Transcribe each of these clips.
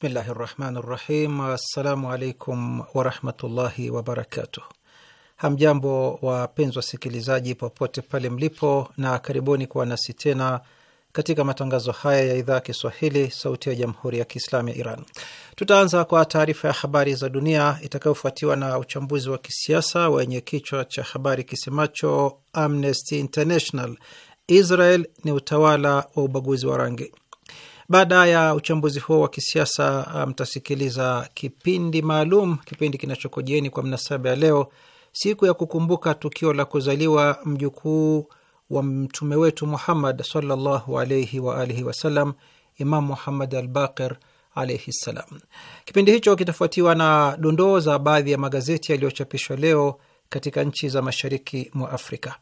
Bismillahi rahmani rahim. Assalamu alaikum warahmatullahi wabarakatuh. Hamjambo wapenzi wasikilizaji, popote pale mlipo, na karibuni kuwa nasi tena katika matangazo haya ya idhaa ya Kiswahili, Sauti ya Jamhuri ya Kiislamu ya Iran. Tutaanza kwa taarifa ya habari za dunia itakayofuatiwa na uchambuzi wa kisiasa wenye kichwa cha habari kisemacho Amnesty International, Israel ni utawala wa ubaguzi wa rangi. Baada ya uchambuzi huo wa kisiasa, uh, mtasikiliza kipindi maalum, kipindi kinachokojieni kwa mnasaba ya leo, siku ya kukumbuka tukio la kuzaliwa mjukuu wa mtume wetu Muhammad sallallahu alaihi wa alihi wasallam, Imam Muhammad Albaqir alaihi ssalam. Kipindi hicho kitafuatiwa na dondoo za baadhi ya magazeti yaliyochapishwa leo katika nchi za mashariki mwa Afrika.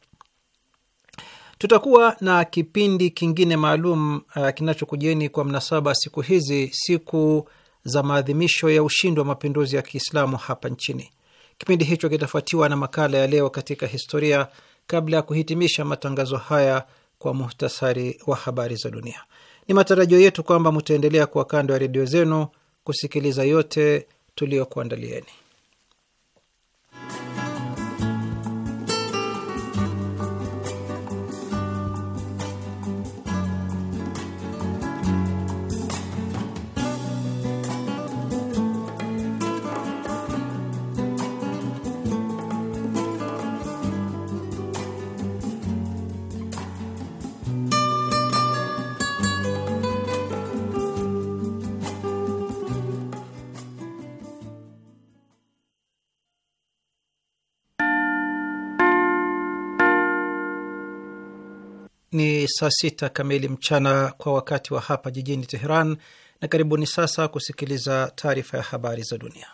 Tutakuwa na kipindi kingine maalum uh, kinachokujeni kwa mnasaba siku hizi, siku za maadhimisho ya ushindi wa mapinduzi ya Kiislamu hapa nchini. Kipindi hicho kitafuatiwa na makala ya leo katika historia, kabla ya kuhitimisha matangazo haya kwa muhtasari wa habari za dunia. Ni matarajio yetu kwamba mtaendelea kuwa kando ya redio zenu kusikiliza yote tuliyokuandalieni. saa sita kamili mchana kwa wakati wa hapa jijini Teheran, na karibuni sasa kusikiliza taarifa ya habari za dunia.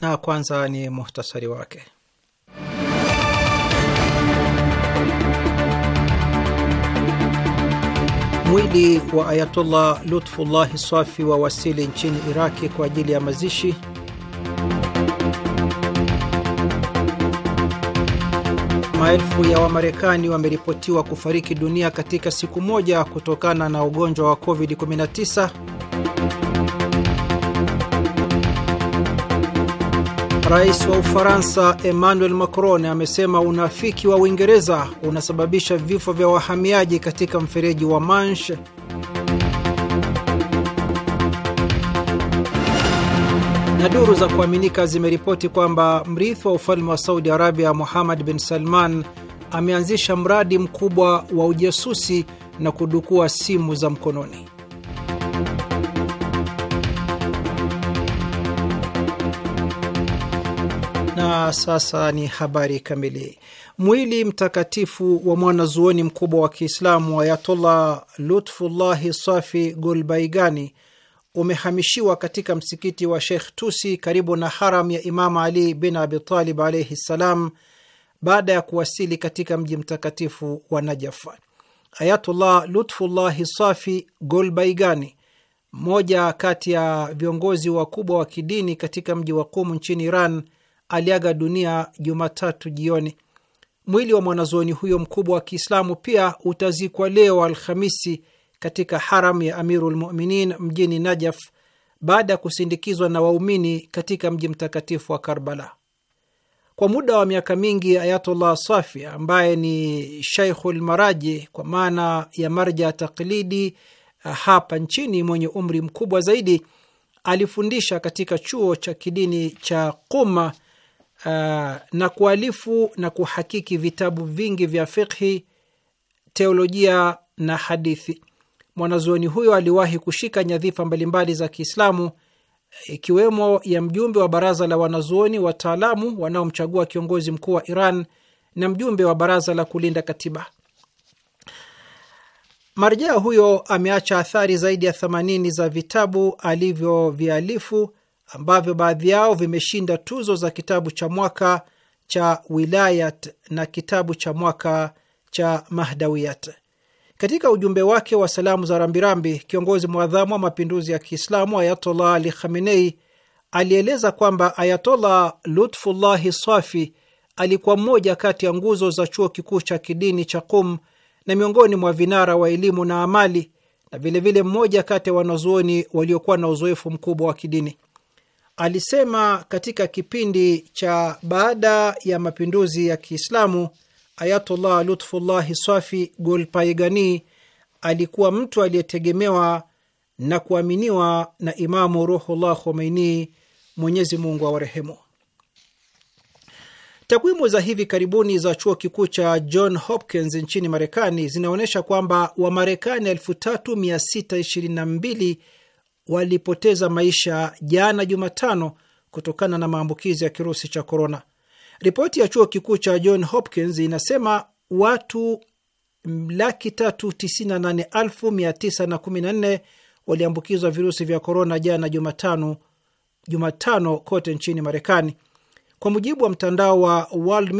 Na kwanza ni muhtasari wake. Mwili wa Ayatollah Lutfullahi Swafi wa wasili nchini Iraki kwa ajili ya mazishi. Maelfu ya Wamarekani wameripotiwa kufariki dunia katika siku moja kutokana na ugonjwa wa COVID-19. Rais wa Ufaransa Emmanuel Macron amesema unafiki wa Uingereza unasababisha vifo vya wahamiaji katika mfereji wa Manche. Na duru za kuaminika zimeripoti kwamba mrithi wa ufalme wa Saudi Arabia Muhammad bin Salman ameanzisha mradi mkubwa wa ujasusi na kudukua simu za mkononi. sasa ni habari kamili. Mwili mtakatifu wa mwanazuoni mkubwa wa Kiislamu Ayatollah Lutfullahi Safi Golbaigani umehamishiwa katika msikiti wa Sheikh Tusi karibu na haram ya Imam Ali bin Abitalib alaihi ssalam baada ya kuwasili katika mji mtakatifu wa Najaf. Ayatullah Lutfullahi Safi Golbaigani, mmoja kati ya viongozi wakubwa wa kidini katika mji wa Kumu nchini Iran, aliaga dunia Jumatatu jioni. Mwili wa mwanazuoni huyo mkubwa wa Kiislamu pia utazikwa leo Alhamisi katika haram ya Amirul Muminin mjini Najaf baada ya kusindikizwa na waumini katika mji mtakatifu wa Karbala. Kwa muda wa miaka mingi, Ayatullah Safi ambaye ni Shaikhul Maraji kwa maana ya marja taklidi eh, hapa nchini, mwenye umri mkubwa zaidi, alifundisha katika chuo cha kidini cha Quma uh, na kualifu na kuhakiki vitabu vingi vya fikhi, teolojia na hadithi. Mwanazuoni huyo aliwahi kushika nyadhifa mbalimbali za Kiislamu ikiwemo ya mjumbe wa baraza la wanazuoni wataalamu wanaomchagua kiongozi mkuu wa Iran na mjumbe wa baraza la kulinda katiba. Marjaa huyo ameacha athari zaidi ya 80 za vitabu alivyovialifu ambavyo baadhi yao vimeshinda tuzo za kitabu cha mwaka cha Wilayat na kitabu cha mwaka cha Mahdawiyat. Katika ujumbe wake wa salamu za rambirambi, kiongozi mwadhamu wa mapinduzi ya Kiislamu Ayatollah Ali Khamenei alieleza kwamba Ayatollah Lutfullahi Safi alikuwa mmoja kati ya nguzo za chuo kikuu cha kidini cha Qum na miongoni mwa vinara wa elimu na amali na vilevile mmoja kati ya wanazuoni waliokuwa na uzoefu mkubwa wa kidini alisema katika kipindi cha baada ya mapinduzi ya Kiislamu, Ayatullah Lutfullahi Swafi Golpaigani alikuwa mtu aliyetegemewa na kuaminiwa na Imamu Ruhullah Khomeini, Mwenyezi Mungu awarehemu. Takwimu za hivi karibuni za chuo kikuu cha John Hopkins nchini Marekani zinaonyesha kwamba Wamarekani 3622 walipoteza maisha jana Jumatano kutokana na maambukizi ya kirusi cha korona. Ripoti ya chuo kikuu cha John Hopkins inasema watu laki tatu tisini na nane elfu mia tisa na kumi na nne waliambukizwa virusi vya korona jana Jumatano, Jumatano kote nchini Marekani, kwa mujibu wa mtandao wa World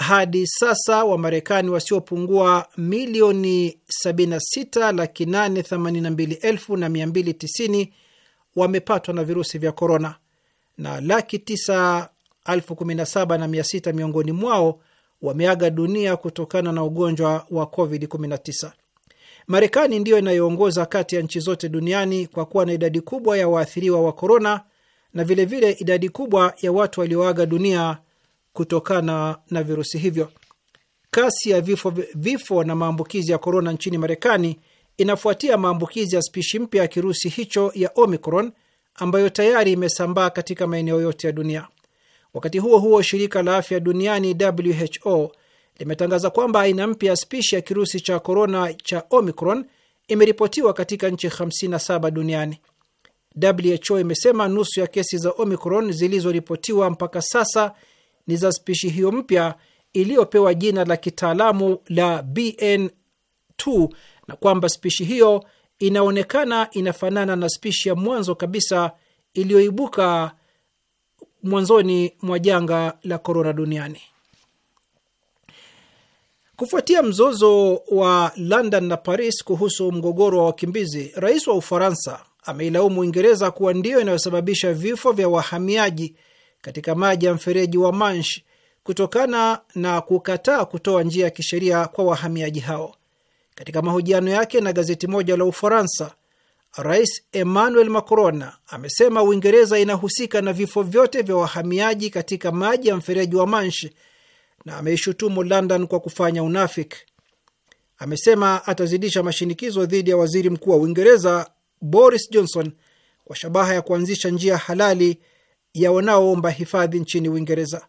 hadi sasa Wamarekani wasiopungua milioni 76,882,290 wamepatwa na virusi vya korona na laki 9,017,600 miongoni mwao wameaga dunia kutokana na ugonjwa wa COVID-19. Marekani ndiyo inayoongoza kati ya nchi zote duniani kwa kuwa na idadi kubwa ya waathiriwa wa korona na vilevile idadi kubwa ya watu walioaga dunia kutokana na virusi hivyo. Kasi ya vifo, vifo na maambukizi ya korona nchini Marekani inafuatia maambukizi ya spishi mpya ya kirusi hicho ya Omicron ambayo tayari imesambaa katika maeneo yote ya dunia. Wakati huo huo, shirika la afya duniani WHO limetangaza kwamba aina mpya ya spishi ya kirusi cha korona cha Omicron imeripotiwa katika nchi 57 duniani. WHO imesema nusu ya kesi za Omicron zilizoripotiwa mpaka sasa ni za spishi hiyo mpya iliyopewa jina la kitaalamu la BN2 na kwamba spishi hiyo inaonekana inafanana na spishi ya mwanzo kabisa iliyoibuka mwanzoni mwa janga la korona duniani. Kufuatia mzozo wa London na Paris kuhusu mgogoro wa wakimbizi, rais wa Ufaransa ameilaumu Uingereza kuwa ndiyo inayosababisha vifo vya wahamiaji katika maji ya mfereji wa Manch kutokana na kukataa kutoa njia ya kisheria kwa wahamiaji hao. Katika mahojiano yake na gazeti moja la Ufaransa, Rais Emmanuel Macron amesema Uingereza inahusika na vifo vyote vya wahamiaji katika maji ya mfereji wa Manch na ameishutumu London kwa kufanya unafiki. Amesema atazidisha mashinikizo dhidi ya waziri mkuu wa Uingereza Boris Johnson kwa shabaha ya kuanzisha njia halali ya wanaoomba hifadhi nchini Uingereza.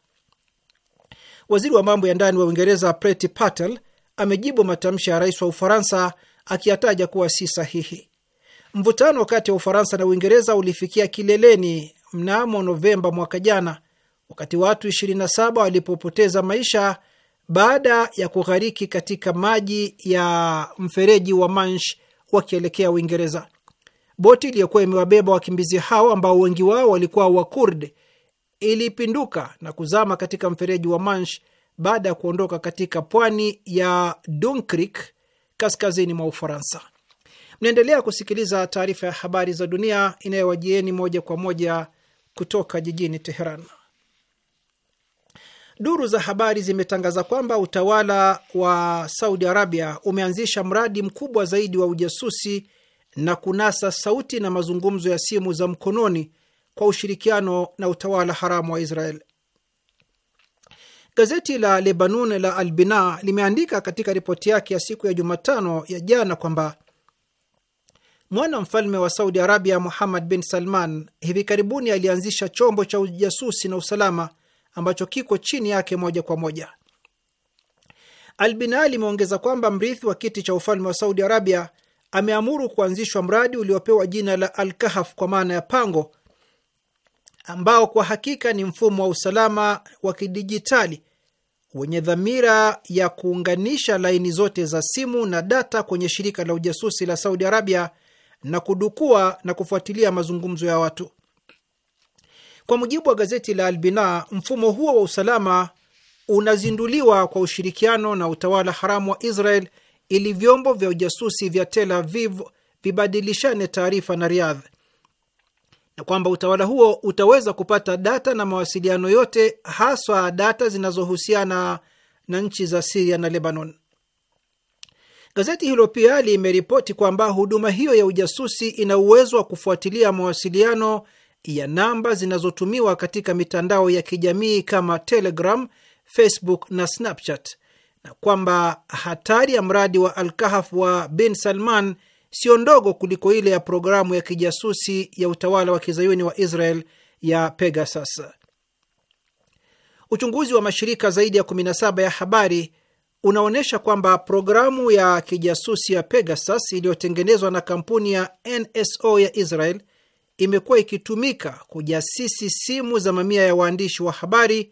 Waziri wa mambo ya ndani wa Uingereza Preti Patel amejibu matamshi ya rais wa Ufaransa akiyataja kuwa si sahihi. Mvutano kati ya Ufaransa na Uingereza ulifikia kileleni mnamo Novemba mwaka jana, wakati watu 27 walipopoteza maisha baada ya kughariki katika maji ya mfereji wa Mansh wakielekea Uingereza. Boti iliyokuwa imewabeba wakimbizi hao ambao wengi wao walikuwa Wakurd ilipinduka na kuzama katika mfereji wa Mansh baada ya kuondoka katika pwani ya Dunkirk kaskazini mwa Ufaransa. Mnaendelea kusikiliza taarifa ya habari za dunia inayowajieni moja kwa moja kutoka jijini Teheran. Duru za habari zimetangaza kwamba utawala wa Saudi Arabia umeanzisha mradi mkubwa zaidi wa ujasusi na kunasa sauti na mazungumzo ya simu za mkononi kwa ushirikiano na utawala haramu wa Israel. Gazeti la Lebanon la Albina limeandika katika ripoti yake ya siku ya Jumatano ya jana kwamba mwana mfalme wa Saudi Arabia Muhammad bin Salman hivi karibuni alianzisha chombo cha ujasusi na usalama ambacho kiko chini yake moja kwa moja. Albina limeongeza kwamba mrithi wa kiti cha ufalme wa Saudi Arabia ameamuru kuanzishwa mradi uliopewa jina la al kwa maana ya pango, ambao kwa hakika ni mfumo wa usalama wa kidijitali wenye dhamira ya kuunganisha laini zote za simu na data kwenye shirika la ujasusi la Saudi Arabia na kudukua na kufuatilia mazungumzo ya watu. Kwa mujibu wa gazeti la Albina, mfumo huo wa usalama unazinduliwa kwa ushirikiano na utawala haramu wa Israel ili vyombo vya ujasusi vya Tel Aviv vibadilishane taarifa na Riyadh na kwamba utawala huo utaweza kupata data na mawasiliano yote, haswa data zinazohusiana na nchi za Siria na Lebanon. Gazeti hilo pia limeripoti kwamba huduma hiyo ya ujasusi ina uwezo wa kufuatilia mawasiliano ya namba zinazotumiwa katika mitandao ya kijamii kama Telegram, Facebook na Snapchat kwamba hatari ya mradi wa Alkahaf wa bin Salman sio ndogo kuliko ile ya programu ya kijasusi ya utawala wa kizayuni wa Israel ya Pegasus. Uchunguzi wa mashirika zaidi ya 17 ya habari unaonyesha kwamba programu ya kijasusi ya Pegasus iliyotengenezwa na kampuni ya NSO ya Israel imekuwa ikitumika kujasisi simu za mamia ya waandishi wa habari,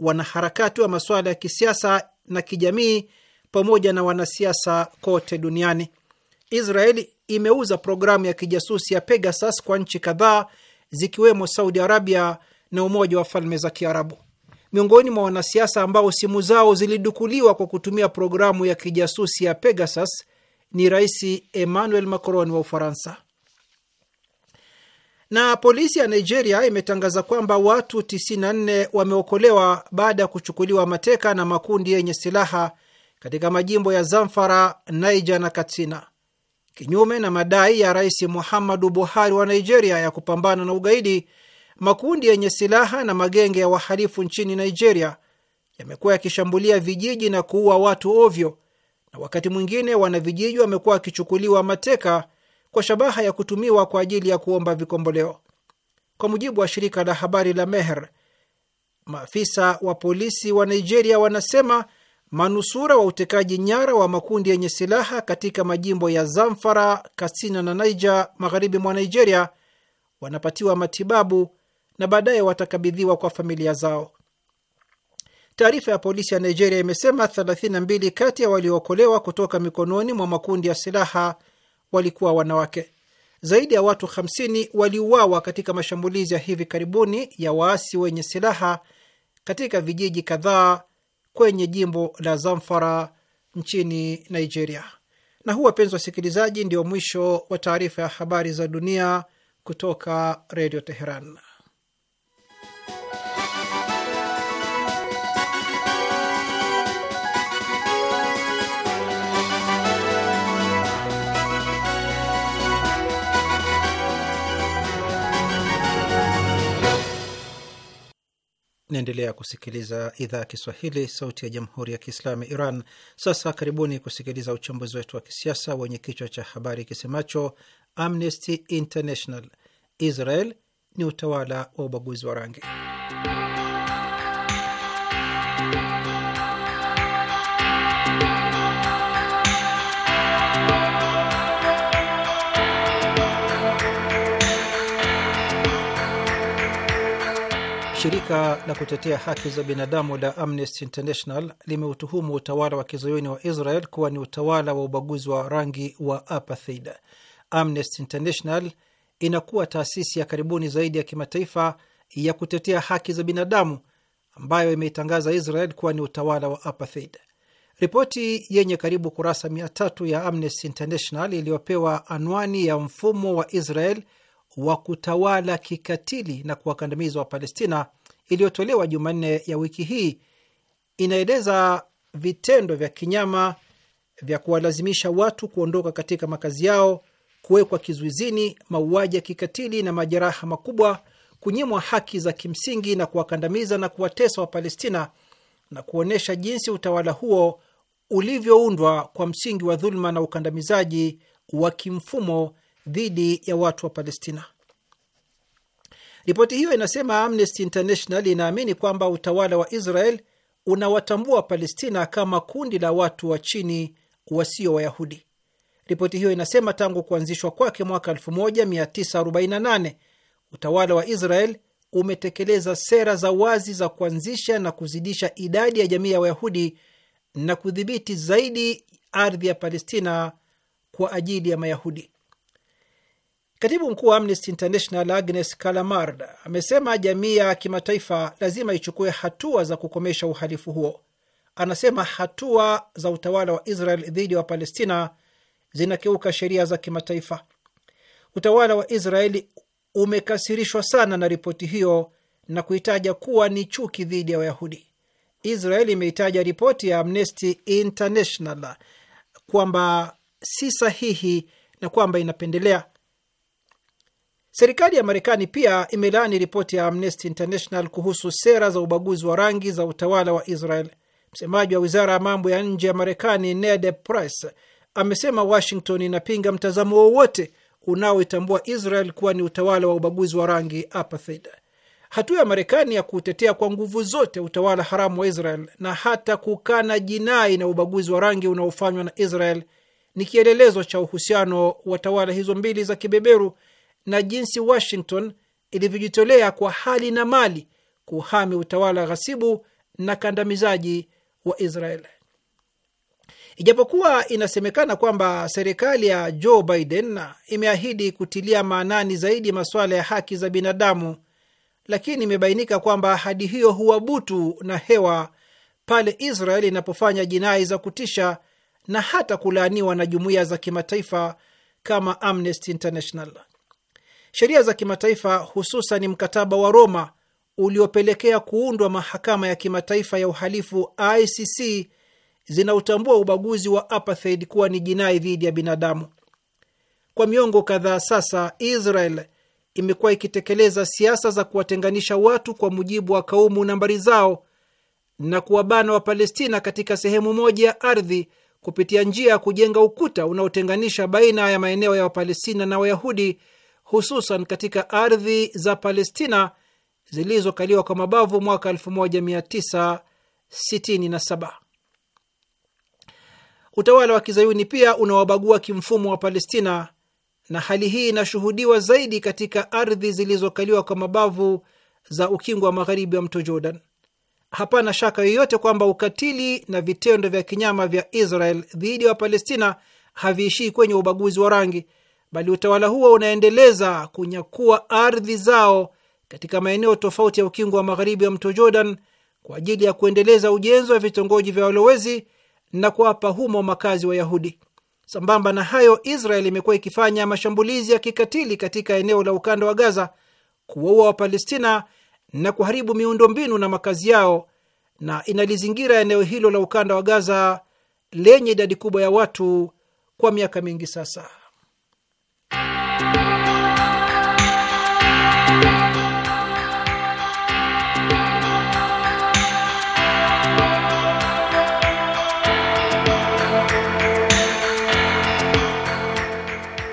wanaharakati wa masuala ya kisiasa na kijamii pamoja na wanasiasa kote duniani. Israeli imeuza programu ya kijasusi ya Pegasus kwa nchi kadhaa zikiwemo Saudi Arabia na Umoja wa Falme za Kiarabu. Miongoni mwa wanasiasa ambao simu zao zilidukuliwa kwa kutumia programu ya kijasusi ya Pegasus ni Rais Emmanuel Macron wa Ufaransa. Na polisi ya Nigeria imetangaza kwamba watu 94 wameokolewa baada ya kuchukuliwa mateka na makundi yenye silaha katika majimbo ya Zamfara, Niger na Katsina, kinyume na madai ya Rais Muhammadu Buhari wa Nigeria ya kupambana na ugaidi. Makundi yenye silaha na magenge ya wahalifu nchini Nigeria yamekuwa yakishambulia vijiji na kuua watu ovyo, na wakati mwingine wanavijiji wamekuwa wakichukuliwa mateka kwa shabaha ya kutumiwa kwa ajili ya kuomba vikomboleo. Kwa mujibu wa shirika la habari la Meher, maafisa wa polisi wa Nigeria wanasema manusura wa utekaji nyara wa makundi yenye silaha katika majimbo ya Zamfara, Katsina na Niger magharibi mwa Nigeria wanapatiwa matibabu na baadaye watakabidhiwa kwa familia zao. Taarifa ya polisi ya Nigeria imesema 32 kati ya waliookolewa kutoka mikononi mwa makundi ya silaha walikuwa wanawake. Zaidi ya watu 50 waliuawa katika mashambulizi ya hivi karibuni ya waasi wenye silaha katika vijiji kadhaa kwenye jimbo la Zamfara nchini Nigeria. Na huu, wapenzi wasikilizaji, ndio mwisho wa taarifa ya habari za dunia kutoka Redio Teheran. Naendelea kusikiliza idhaa ya Kiswahili, sauti ya jamhuri ya kiislamu ya Iran. Sasa karibuni kusikiliza uchambuzi wetu wa kisiasa wenye kichwa cha habari kisemacho Amnesty International, Israel ni utawala wa ubaguzi wa rangi. Shirika la kutetea haki za binadamu la Amnesty International limeutuhumu utawala wa kizayuni wa Israel kuwa ni utawala wa ubaguzi wa rangi wa apartheid. Amnesty International inakuwa taasisi ya karibuni zaidi ya kimataifa ya kutetea haki za binadamu ambayo imeitangaza Israel kuwa ni utawala wa apartheid. Ripoti yenye karibu kurasa mia tatu ya Amnesty International iliyopewa anwani ya mfumo wa Israel wa kutawala kikatili na kuwakandamiza Wapalestina iliyotolewa Jumanne ya wiki hii inaeleza vitendo vya kinyama vya kuwalazimisha watu kuondoka katika makazi yao, kuwekwa kizuizini, mauaji ya kikatili na majeraha makubwa, kunyimwa haki za kimsingi na kuwakandamiza na kuwatesa Wapalestina na kuonyesha jinsi utawala huo ulivyoundwa kwa msingi wa dhuluma na ukandamizaji wa kimfumo dhidi ya watu wa Palestina. Ripoti hiyo inasema Amnesty International inaamini kwamba utawala wa Israel unawatambua Palestina kama kundi la watu wa chini wasio Wayahudi. Ripoti hiyo inasema tangu kuanzishwa kwake mwaka 1948 utawala wa Israel umetekeleza sera za wazi za kuanzisha na kuzidisha idadi ya jamii ya Wayahudi na kudhibiti zaidi ardhi ya Palestina kwa ajili ya Mayahudi. Katibu mkuu wa Amnesty International Agnes Kalamard amesema jamii ya kimataifa lazima ichukue hatua za kukomesha uhalifu huo. Anasema hatua za utawala wa Israel dhidi ya Wapalestina zinakiuka sheria za kimataifa. Utawala wa Israeli umekasirishwa sana na ripoti hiyo na kuitaja kuwa ni chuki dhidi ya Wayahudi. Israeli imeitaja ripoti ya Amnesty International kwamba si sahihi na kwamba inapendelea Serikali ya Marekani pia imelaani ripoti ya Amnesty International kuhusu sera za ubaguzi wa rangi za utawala wa Israel. Msemaji wa wizara ya mambo ya nje ya Marekani Ned Price amesema Washington inapinga mtazamo wowote unaoitambua Israel kuwa ni utawala wa ubaguzi wa rangi apartheid. Hatua ya Marekani ya kutetea kwa nguvu zote utawala haramu wa Israel na hata kukana jinai na ubaguzi wa rangi unaofanywa na Israel ni kielelezo cha uhusiano wa tawala hizo mbili za kibeberu na jinsi Washington ilivyojitolea kwa hali na mali kuhami utawala ghasibu na kandamizaji wa Israel. Ijapokuwa inasemekana kwamba serikali ya Joe Biden imeahidi kutilia maanani zaidi masuala ya haki za binadamu, lakini imebainika kwamba ahadi hiyo huwa butu na hewa pale Israel inapofanya jinai za kutisha na hata kulaaniwa na jumuiya za kimataifa kama Amnesty International. Sheria za kimataifa, hususan mkataba wa Roma uliopelekea kuundwa mahakama ya kimataifa ya uhalifu ICC, zinautambua ubaguzi wa apartheid kuwa ni jinai dhidi ya binadamu. Kwa miongo kadhaa sasa, Israel imekuwa ikitekeleza siasa za kuwatenganisha watu kwa mujibu wa kaumu nambari zao na kuwabana Wapalestina katika sehemu moja ya ardhi kupitia njia ya kujenga ukuta unaotenganisha baina ya maeneo ya Wapalestina na Wayahudi hususan katika ardhi za Palestina zilizokaliwa kwa mabavu mwaka 1967. Utawala wa kizayuni pia unawabagua kimfumo wa Palestina, na hali hii inashuhudiwa zaidi katika ardhi zilizokaliwa kwa mabavu za ukingo wa magharibi wa mto Jordan. Hapana shaka yoyote kwamba ukatili na vitendo vya kinyama vya Israel dhidi ya Wapalestina haviishii kwenye ubaguzi wa rangi, bali utawala huo unaendeleza kunyakua ardhi zao katika maeneo tofauti ya ukingo wa magharibi wa mto Jordan kwa ajili ya kuendeleza ujenzi wa vitongoji vya walowezi na kuwapa humo makazi Wayahudi. Sambamba na hayo, Israel imekuwa ikifanya mashambulizi ya kikatili katika eneo la ukanda wa Gaza, kuwaua Wapalestina na kuharibu miundo mbinu na makazi yao, na inalizingira eneo hilo la ukanda wa Gaza lenye idadi kubwa ya watu kwa miaka mingi sasa.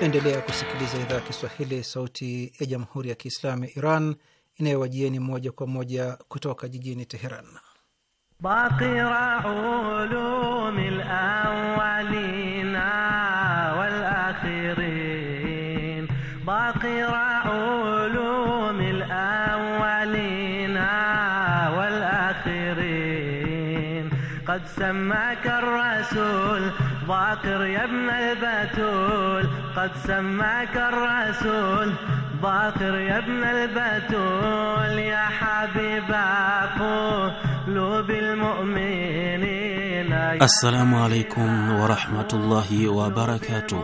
endelea kusikiliza idhaa ya Kiswahili, sauti ya jamhuri ya kiislamu ya Iran inayowajieni moja kwa moja kutoka jijini Teheran. Qad samaka rasul bakir yabna albatul قد سماك الرسول باقر يا ابن البتول يا حبيب قلوب المؤمنين السلام عليكم ورحمة الله وبركاته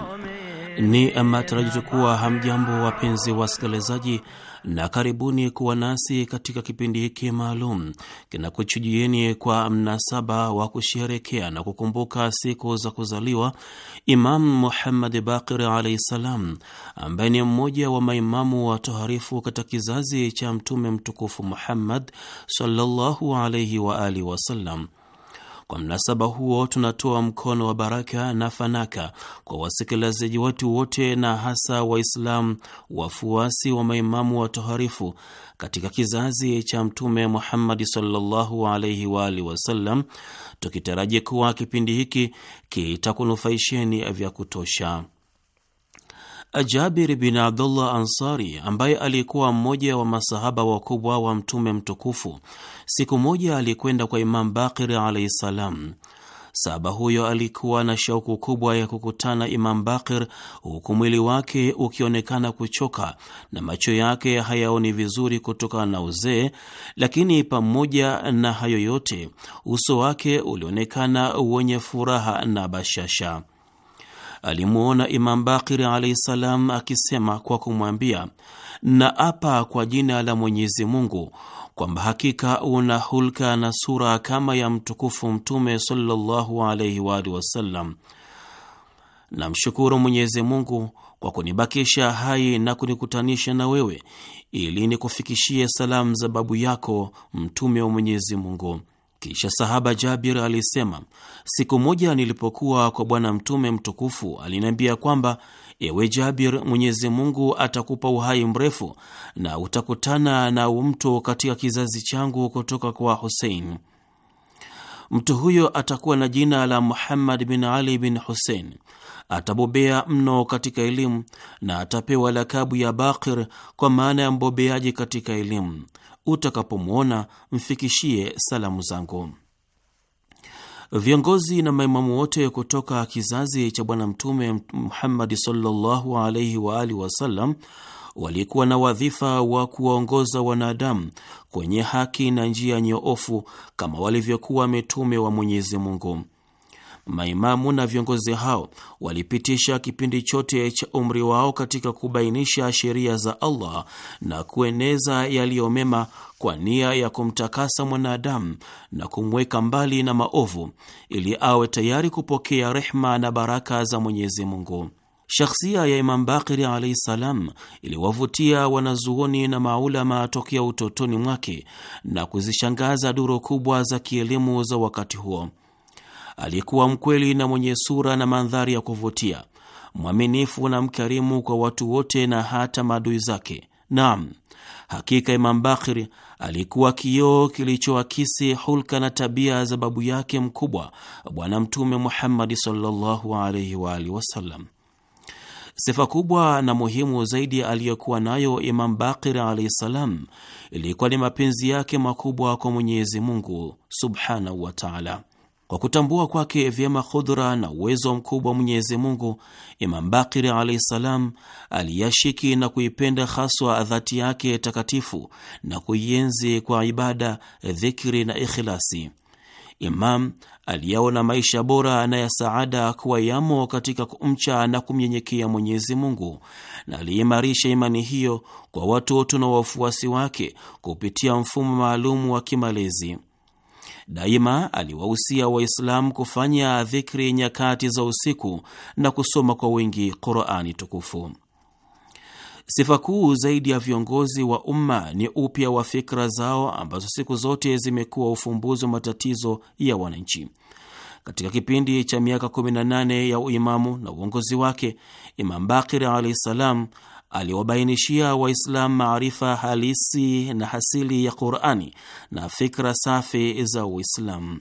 ni amat rajikuwa hamjambo wapenzi wasikilizaji na karibuni kuwa nasi katika kipindi hiki maalum kinakuchujieni kwa mnasaba wa kusherekea na kukumbuka siku za kuzaliwa Imamu Muhammad Baqir alaihi salam, ambaye ni mmoja wa maimamu watoharifu katika kizazi cha Mtume mtukufu Muhammad sallallahu alaihi waalihi wasallam kwa mnasaba huo, tunatoa mkono wa baraka na fanaka kwa wasikilizaji wetu wote na hasa Waislamu wafuasi wa maimamu watoharifu katika kizazi cha Mtume Muhammadi sallallahu alaihi wa alihi wasallam, tukitarajia kuwa kipindi hiki kitakunufaisheni vya kutosha. Jabir bin Abdullah Ansari ambaye alikuwa mmoja wa masahaba wakubwa wa Mtume mtukufu, siku moja alikwenda kwa Imam Bakir alaihi salam. Sahaba huyo alikuwa na shauku kubwa ya kukutana Imam Bakir, huku mwili wake ukionekana kuchoka na macho yake hayaoni vizuri kutokana na uzee. Lakini pamoja na hayo yote, uso wake ulionekana wenye furaha na bashasha alimwona Imam Bakiri alaihi ssalam akisema kwa kumwambia, na apa kwa jina la Mwenyezi Mungu kwamba hakika una hulka na sura kama ya mtukufu Mtume sallallahu alaihi waalihi wasallam. Namshukuru Mwenyezi Mungu kwa kunibakisha hai na kunikutanisha na wewe ili nikufikishie salamu za babu yako Mtume wa Mwenyezi Mungu. Kisha sahaba Jabir alisema, siku moja nilipokuwa kwa Bwana Mtume mtukufu aliniambia kwamba ewe Jabir, Mwenyezi Mungu atakupa uhai mrefu na utakutana na mtu katika kizazi changu kutoka kwa Husein. Mtu huyo atakuwa na jina la Muhammad bin Ali bin Husein. Atabobea mno katika elimu na atapewa lakabu ya Bakir, kwa maana ya mbobeaji katika elimu utakapomwona mfikishie salamu zangu. Viongozi na maimamu wote kutoka kizazi cha Bwana Mtume Muhammadi sallallahu alaihi wa alihi wasallam walikuwa na wadhifa wa kuwaongoza wanadamu kwenye haki na njia nyoofu kama walivyokuwa mitume wa Mwenyezi Mungu. Maimamu na viongozi hao walipitisha kipindi chote cha umri wao katika kubainisha sheria za Allah na kueneza yaliyo mema kwa nia ya kumtakasa mwanadamu na kumweka mbali na maovu ili awe tayari kupokea rehma na baraka za Mwenyezi Mungu. Shakhsia ya Imam Bakiri alaihi salam iliwavutia wanazuoni na maulama tokea utotoni mwake na kuzishangaza duru kubwa za kielimu za wakati huo alikuwa mkweli na mwenye sura na mandhari ya kuvutia, mwaminifu na mkarimu kwa watu wote na hata maadui zake. Naam, hakika Imam Bakir alikuwa kioo kilichoakisi hulka na tabia za babu yake mkubwa Bwana Mtume Muhammadi sallallahu alaihi wa alihi wasallam. Sifa kubwa na muhimu zaidi aliyokuwa nayo Imam Bakir alaihi salam ilikuwa ni mapenzi yake makubwa kwa Mwenyezi Mungu subhanahu wa taala. Kwa kutambua kwake vyema khudra na uwezo mkubwa wa Mwenyezi Mungu, Imam Bakiri alaihi salam aliyashiki na kuipenda haswa dhati yake takatifu na kuienzi kwa ibada, dhikri na ikhilasi. Imam aliyaona maisha bora na ya saada kuwa yamo katika kumcha na kumnyenyekea Mwenyezi Mungu, na aliimarisha imani hiyo kwa watoto na wafuasi wake kupitia mfumo maalumu wa kimalezi. Daima aliwahusia Waislamu kufanya dhikri nyakati za usiku na kusoma kwa wingi Qurani tukufu. Sifa kuu zaidi ya viongozi wa umma ni upya wa fikra zao ambazo siku zote zimekuwa ufumbuzi wa matatizo ya wananchi. Katika kipindi cha miaka 18 ya uimamu na uongozi wake, Imam Bakir alahi ssalam aliwabainishia Waislamu maarifa halisi na hasili ya Qurani na fikra safi za Uislamu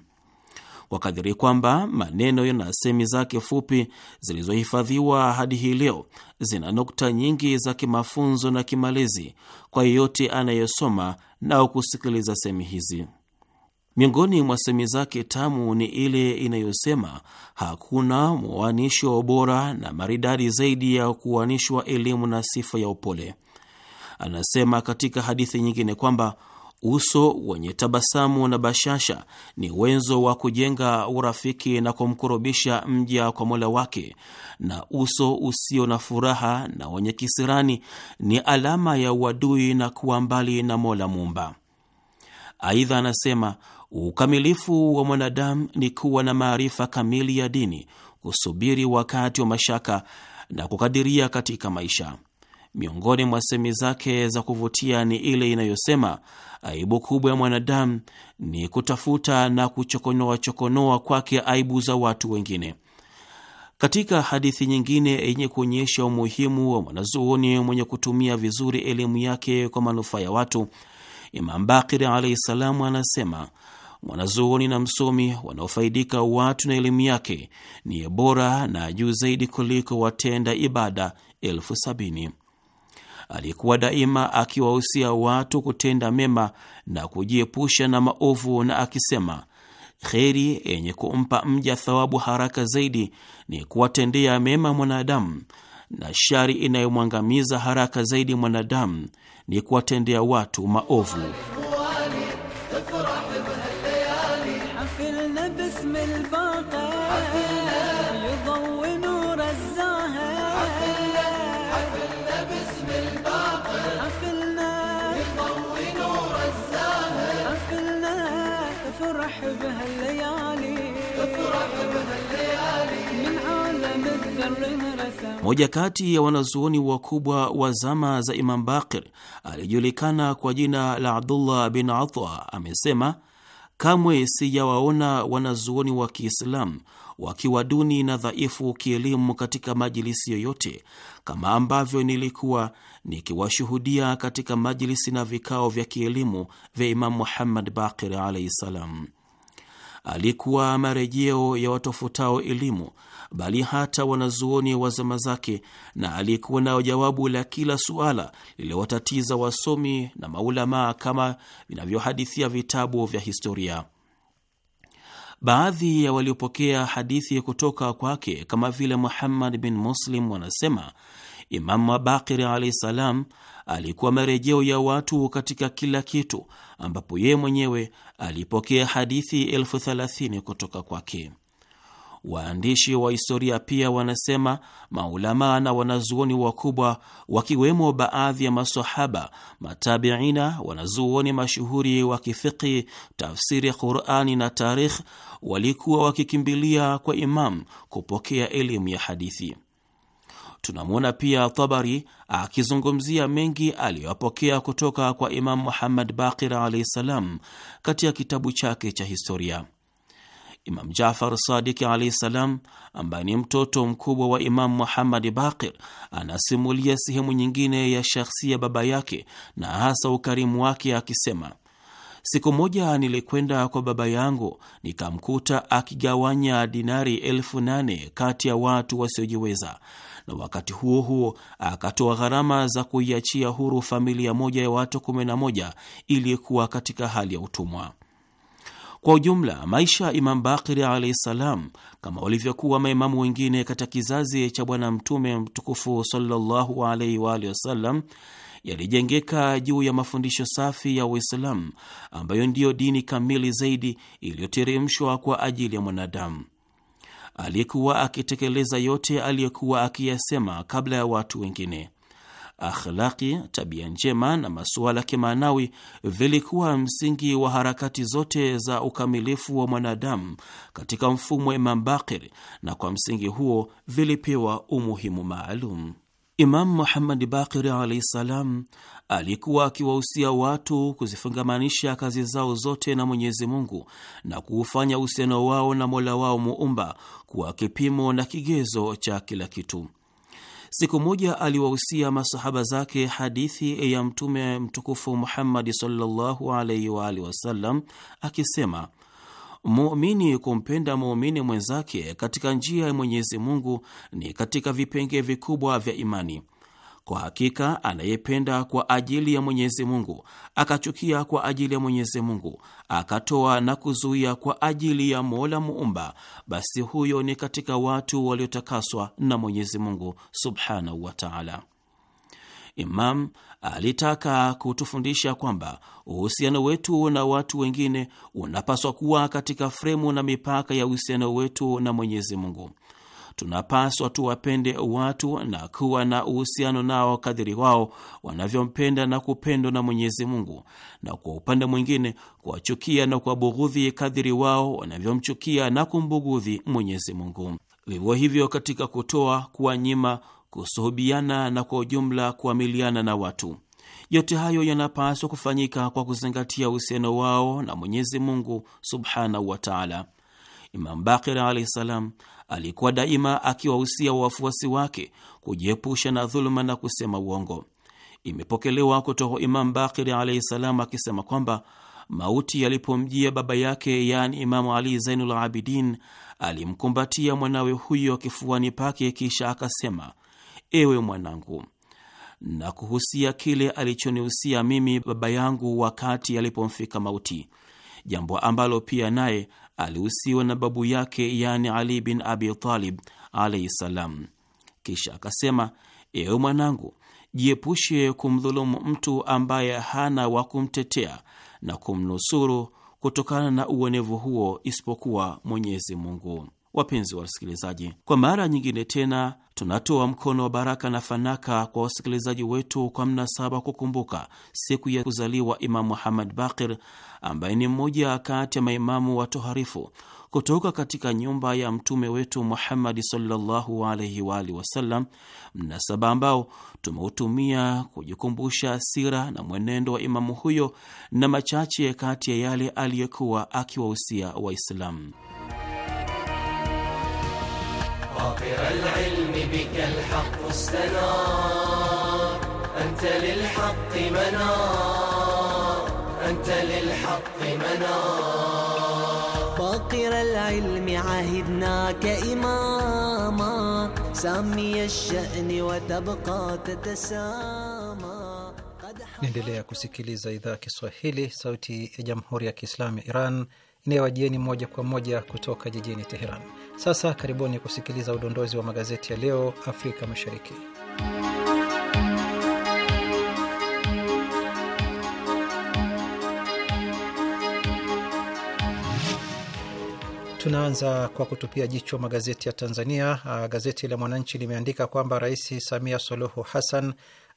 wakadhiri kwamba maneno na semi zake fupi zilizohifadhiwa hadi hii leo zina nukta nyingi za kimafunzo na kimalezi kwa yeyote anayesoma na kusikiliza semi hizi. Miongoni mwa semi zake tamu ni ile inayosema hakuna muanisho bora na maridadi zaidi ya kuanishwa elimu na sifa ya upole. Anasema katika hadithi nyingine kwamba uso wenye tabasamu na bashasha ni wenzo wa kujenga urafiki na kumkurubisha mja kwa Mola wake, na uso usio na furaha na wenye kisirani ni alama ya uadui na kuwa mbali na Mola Muumba. Aidha anasema Ukamilifu wa mwanadamu ni kuwa na maarifa kamili ya dini, kusubiri wakati wa mashaka na kukadiria katika maisha. Miongoni mwa semi zake za kuvutia ni ile inayosema aibu kubwa ya mwanadamu ni kutafuta na kuchokonoa chokonoa kwake aibu za watu wengine. Katika hadithi nyingine yenye kuonyesha umuhimu wa mwanazuoni mwenye kutumia vizuri elimu yake kwa manufaa ya watu, Imam Bakiri alaihi salamu anasema mwanazuoni na msomi wanaofaidika watu na elimu yake ni bora na juu zaidi kuliko watenda ibada elfu sabini. Alikuwa daima akiwahusia watu kutenda mema na kujiepusha na maovu, na akisema kheri yenye kumpa mja thawabu haraka zaidi ni kuwatendea mema mwanadamu, na shari inayomwangamiza haraka zaidi mwanadamu ni kuwatendea watu maovu. محمد الباقي يضوي نور الزاهر حفلنا باسم الباقي يضوي نور الزاهر حفلنا تفرح بهالليالي تفرح بهالليالي من عالم الذر moja kati ya wanazuoni wakubwa wa zama za Imam Bakir alijulikana kwa jina la Abdullah bin Atha amesema Kamwe sijawaona wanazuoni wa Kiislamu wakiwa duni na dhaifu kielimu katika majilisi yoyote, kama ambavyo nilikuwa nikiwashuhudia katika majilisi na vikao vya kielimu vya Imamu Muhammad Baqir alaihi salam. Alikuwa marejeo ya watofutao elimu bali hata wanazuoni wa zama zake, na aliyekuwa nayo jawabu la kila suala lililowatatiza wasomi na maulamaa kama vinavyohadithia vitabu vya historia. Baadhi ya waliopokea hadithi kutoka kwake kama vile Muhammad bin Muslim wanasema Imamu Bakiri alahi salam alikuwa marejeo ya watu katika kila kitu, ambapo yeye mwenyewe alipokea hadithi elfu thelathini kutoka kwake. Waandishi wa historia pia wanasema maulamaa na wanazuoni wakubwa wakiwemo baadhi ya masahaba, matabiina, wanazuoni mashuhuri wa kifiqi tafsiri Qurani na tarikh walikuwa wakikimbilia kwa Imam kupokea elimu ya hadithi. Tunamwona pia Tabari akizungumzia mengi aliyopokea kutoka kwa Imamu Muhammad Baqir alaihi ssalam katika kitabu chake cha historia. Imam Jafar Sadiki alaihi salam, ambaye ni mtoto mkubwa wa Imamu Muhammad Baqir, anasimulia sehemu nyingine ya shakhsia baba yake na hasa ukarimu wake akisema: Siku moja nilikwenda kwa baba yangu nikamkuta akigawanya dinari elfu nane kati ya watu wasiojiweza, na wakati huo huo akatoa gharama za kuiachia huru familia moja ya watu 11 iliyokuwa katika hali ya utumwa. Kwa ujumla, maisha ya Imam Bakiri alaihi ssalam, kama walivyokuwa maimamu wengine katika kizazi cha Bwana Mtume mtukufu sallallahu alaihi waalihi wasallam, yalijengeka juu ya mafundisho safi ya Uislamu ambayo ndiyo dini kamili zaidi iliyoteremshwa kwa ajili ya mwanadamu aliyekuwa akitekeleza yote aliyokuwa akiyasema kabla ya watu wengine akhlaki, tabia njema na masuala kimaanawi vilikuwa msingi wa harakati zote za ukamilifu wa mwanadamu katika mfumo wa Imam Bakir, na kwa msingi huo vilipewa umuhimu maalum. Imam Muhammad Bakir alaihi salam alikuwa akiwahusia watu kuzifungamanisha kazi zao zote na Mwenyezi Mungu na kuufanya uhusiano wao na Mola wao muumba kuwa kipimo na kigezo cha kila kitu. Siku moja aliwahusia masahaba zake hadithi ya Mtume mtukufu Muhammadi sallallahu alaihi wa alihi wasallam akisema, muumini kumpenda muumini mwenzake katika njia ya Mwenyezi Mungu ni katika vipengee vikubwa vya imani kwa hakika anayependa kwa ajili ya Mwenyezi Mungu akachukia kwa ajili ya Mwenyezi Mungu akatoa na kuzuia kwa ajili ya Mola Muumba, basi huyo ni katika watu waliotakaswa na Mwenyezi Mungu subhanahu wa taala. Imam alitaka kutufundisha kwamba uhusiano wetu na watu wengine unapaswa kuwa katika fremu na mipaka ya uhusiano wetu na Mwenyezi Mungu tunapaswa tuwapende watu na kuwa na uhusiano nao kadhiri wao wanavyompenda na kupendwa na Mwenyezi Mungu, na kwa upande mwingine kuwachukia na kuwabughudhi kadhiri wao wanavyomchukia na kumbughudhi Mwenyezi Mungu. Vivyo hivyo katika kutoa, kuwanyima, kusuhubiana na kwa ujumla kuamiliana na watu yote hayo yanapaswa kufanyika kwa kuzingatia uhusiano wao na Mwenyezi Mungu subhanahu wa taala. Imam Bakir alaihi salam alikuwa daima akiwahusia wafuasi wake kujiepusha na dhuluma na kusema uongo. Imepokelewa kutoka Imamu Bakiri alaihi salam akisema kwamba mauti yalipomjia baba yake, yaani Imamu Ali Zainul Abidin, alimkumbatia mwanawe huyo kifuani pake, kisha akasema, ewe mwanangu, na kuhusia kile alichonihusia mimi baba yangu wakati alipomfika mauti, jambo ambalo pia naye alihusiwa na babu yake, yani Ali bin Abi Talib alaihi salam. Kisha akasema, ewe mwanangu, jiepushe kumdhulumu mtu ambaye hana wa kumtetea na kumnusuru kutokana na uonevu huo isipokuwa Mwenyezi Mungu. Wapenzi wa wasikilizaji, kwa mara nyingine tena tunatoa mkono wa baraka na fanaka kwa wasikilizaji wetu kwa mnasaba kukumbuka siku ya kuzaliwa Imamu Muhammad Bakir ambaye ni mmoja kati ya maimamu watoharifu kutoka katika nyumba ya mtume wetu Muhammadi sallallahu alaihi wa alihi wasallam, mnasaba ambao tumeutumia kujikumbusha sira na mwenendo wa imamu huyo na machache kati ya yale aliyekuwa akiwahusia Waislamu. فاطر العلم بك الحق استنار أنت للحق منار أنت للحق منار فاطر العلم عهدناك إماما سامي الشأن وتبقى تتسامى Naendelea kusikiliza idhaa ya Kiswahili, sauti ya jamhuri ya kiislamu ya Iran inayowajieni moja kwa moja kutoka jijini Teheran. Sasa karibuni kusikiliza udondozi wa magazeti ya leo Afrika Mashariki. Tunaanza kwa kutupia jicho magazeti ya Tanzania. Ah, gazeti la Mwananchi limeandika kwamba Rais Samia Suluhu Hassan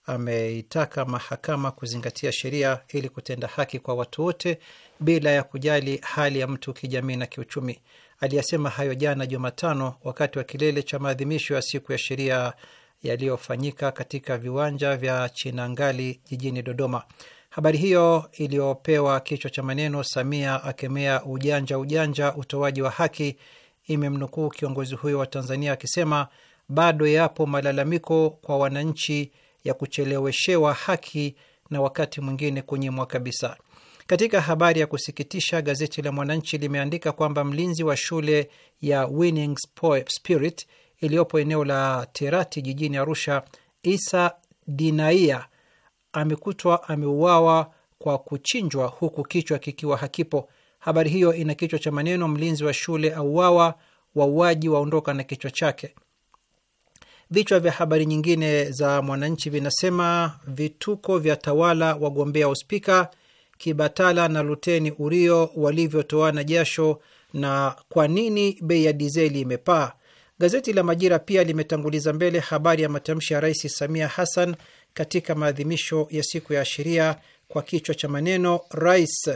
ameitaka mahakama kuzingatia sheria ili kutenda haki kwa watu wote bila ya kujali hali ya mtu kijamii na kiuchumi. Aliyasema hayo jana Jumatano wakati wa kilele cha maadhimisho ya siku ya sheria yaliyofanyika katika viwanja vya Chinangali jijini Dodoma. Habari hiyo iliyopewa kichwa cha maneno Samia akemea ujanja ujanja utoaji wa haki imemnukuu kiongozi huyo wa Tanzania akisema bado yapo malalamiko kwa wananchi ya kucheleweshewa haki na wakati mwingine kunyimwa kabisa. Katika habari ya kusikitisha, gazeti la Mwananchi limeandika kwamba mlinzi wa shule ya Winning Spirit iliyopo eneo la Terati jijini Arusha, Isa Dinaia amekutwa ameuawa kwa kuchinjwa huku kichwa kikiwa hakipo. Habari hiyo ina kichwa cha maneno mlinzi wa shule auawa, wauaji waondoka na kichwa chake. Vichwa vya habari nyingine za Mwananchi vinasema vituko vya tawala wagombea uspika Kibatala na Luteni Urio walivyotoana jasho na kwa nini bei ya dizeli imepaa. Gazeti la Majira pia limetanguliza mbele habari ya matamshi ya Rais Samia Hassan katika maadhimisho ya siku ya sheria kwa kichwa cha maneno, Rais,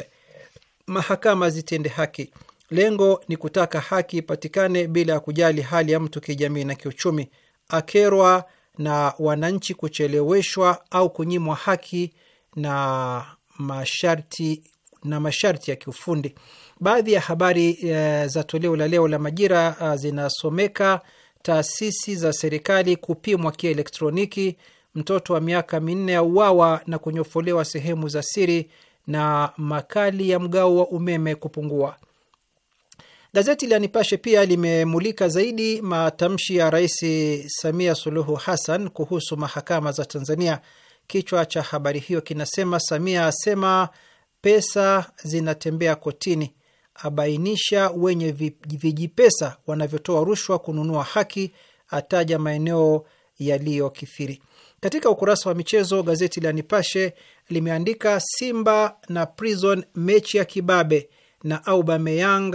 mahakama zitende haki. Lengo ni kutaka haki ipatikane bila ya kujali hali ya mtu kijamii na kiuchumi. Akerwa na wananchi kucheleweshwa au kunyimwa haki na masharti na masharti ya kiufundi. Baadhi ya habari e, za toleo la leo la Majira a, eh, zinasomeka taasisi za serikali kupimwa kielektroniki, mtoto wa miaka minne auawa na kunyofolewa sehemu za siri, na makali ya mgao wa umeme kupungua. Gazeti la Nipashe pia limemulika zaidi matamshi ya Rais Samia Suluhu Hassan kuhusu mahakama za Tanzania. Kichwa cha habari hiyo kinasema: Samia asema pesa zinatembea kotini, abainisha wenye vijipesa wanavyotoa rushwa kununua haki, ataja maeneo yaliyokithiri. Katika ukurasa wa michezo, gazeti la Nipashe limeandika Simba na Prison mechi ya kibabe na Aubameyang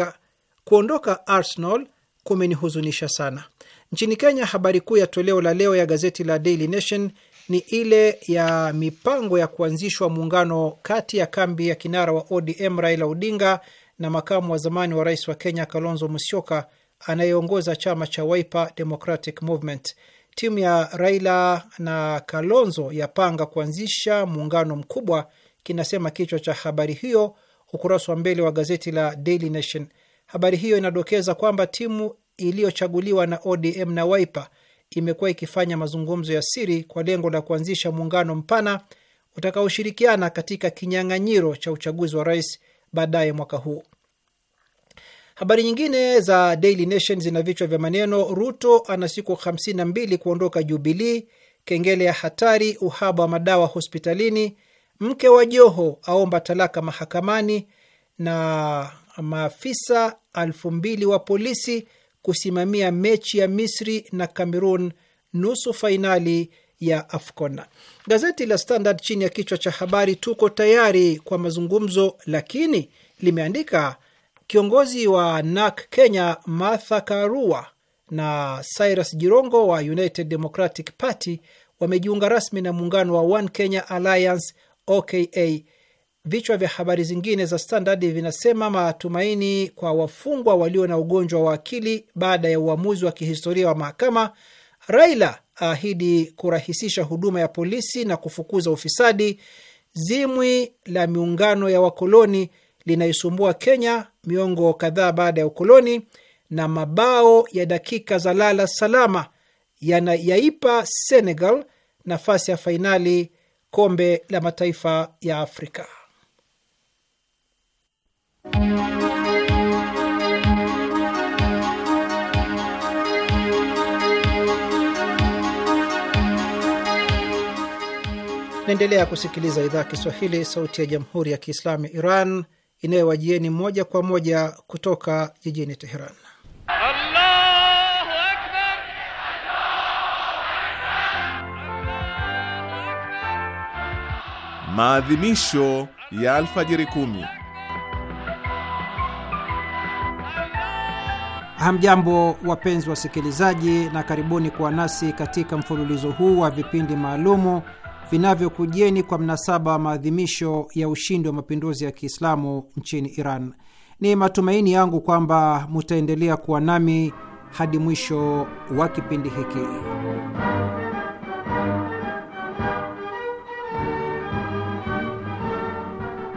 kuondoka Arsenal kumenihuzunisha sana. Nchini Kenya, habari kuu ya toleo la leo ya gazeti la Daily Nation ni ile ya mipango ya kuanzishwa muungano kati ya kambi ya kinara wa ODM Raila Odinga na makamu wa zamani wa rais wa Kenya Kalonzo Musyoka anayeongoza chama cha Wiper Democratic Movement. Timu ya Raila na Kalonzo yapanga kuanzisha muungano mkubwa, kinasema kichwa cha habari hiyo, ukurasa wa mbele wa gazeti la Daily Nation. Habari hiyo inadokeza kwamba timu iliyochaguliwa na ODM na Wiper imekuwa ikifanya mazungumzo ya siri kwa lengo la kuanzisha muungano mpana utakaoshirikiana katika kinyang'anyiro cha uchaguzi wa rais baadaye mwaka huu. Habari nyingine za Daily Nation zina vichwa vya maneno: Ruto ana siku 52 kuondoka Jubilii, kengele ya hatari, uhaba wa madawa hospitalini, mke wa Joho aomba talaka mahakamani, na maafisa elfu mbili wa polisi kusimamia mechi ya Misri na Cameroon nusu fainali ya AFCON. Gazeti la Standard chini ya kichwa cha habari tuko tayari kwa mazungumzo, lakini limeandika kiongozi wa nak Kenya Martha Karua na Cyrus Jirongo wa United Democratic Party wamejiunga rasmi na muungano wa One Kenya Alliance OKA Vichwa vya habari zingine za Standard vinasema matumaini kwa wafungwa walio na ugonjwa wa akili baada ya uamuzi wa kihistoria wa mahakama, Raila ahidi kurahisisha huduma ya polisi na kufukuza ufisadi, zimwi la miungano ya wakoloni linaisumbua Kenya miongo kadhaa baada ya ukoloni, na mabao ya dakika za lala salama yanayaipa Senegal nafasi ya fainali kombe la mataifa ya Afrika. Naendelea kusikiliza idhaa Kiswahili sauti ya jamhuri ya Kiislamu ya Iran inayowajieni moja kwa moja kutoka jijini Teheran. Maadhimisho ya alfajiri kumi. Hamjambo, wapenzi wasikilizaji, na karibuni kuwa nasi katika mfululizo huu wa vipindi maalumu vinavyokujieni kwa mnasaba wa maadhimisho ya ushindi wa mapinduzi ya Kiislamu nchini Iran. Ni matumaini yangu kwamba mutaendelea kuwa nami hadi mwisho wa kipindi hiki.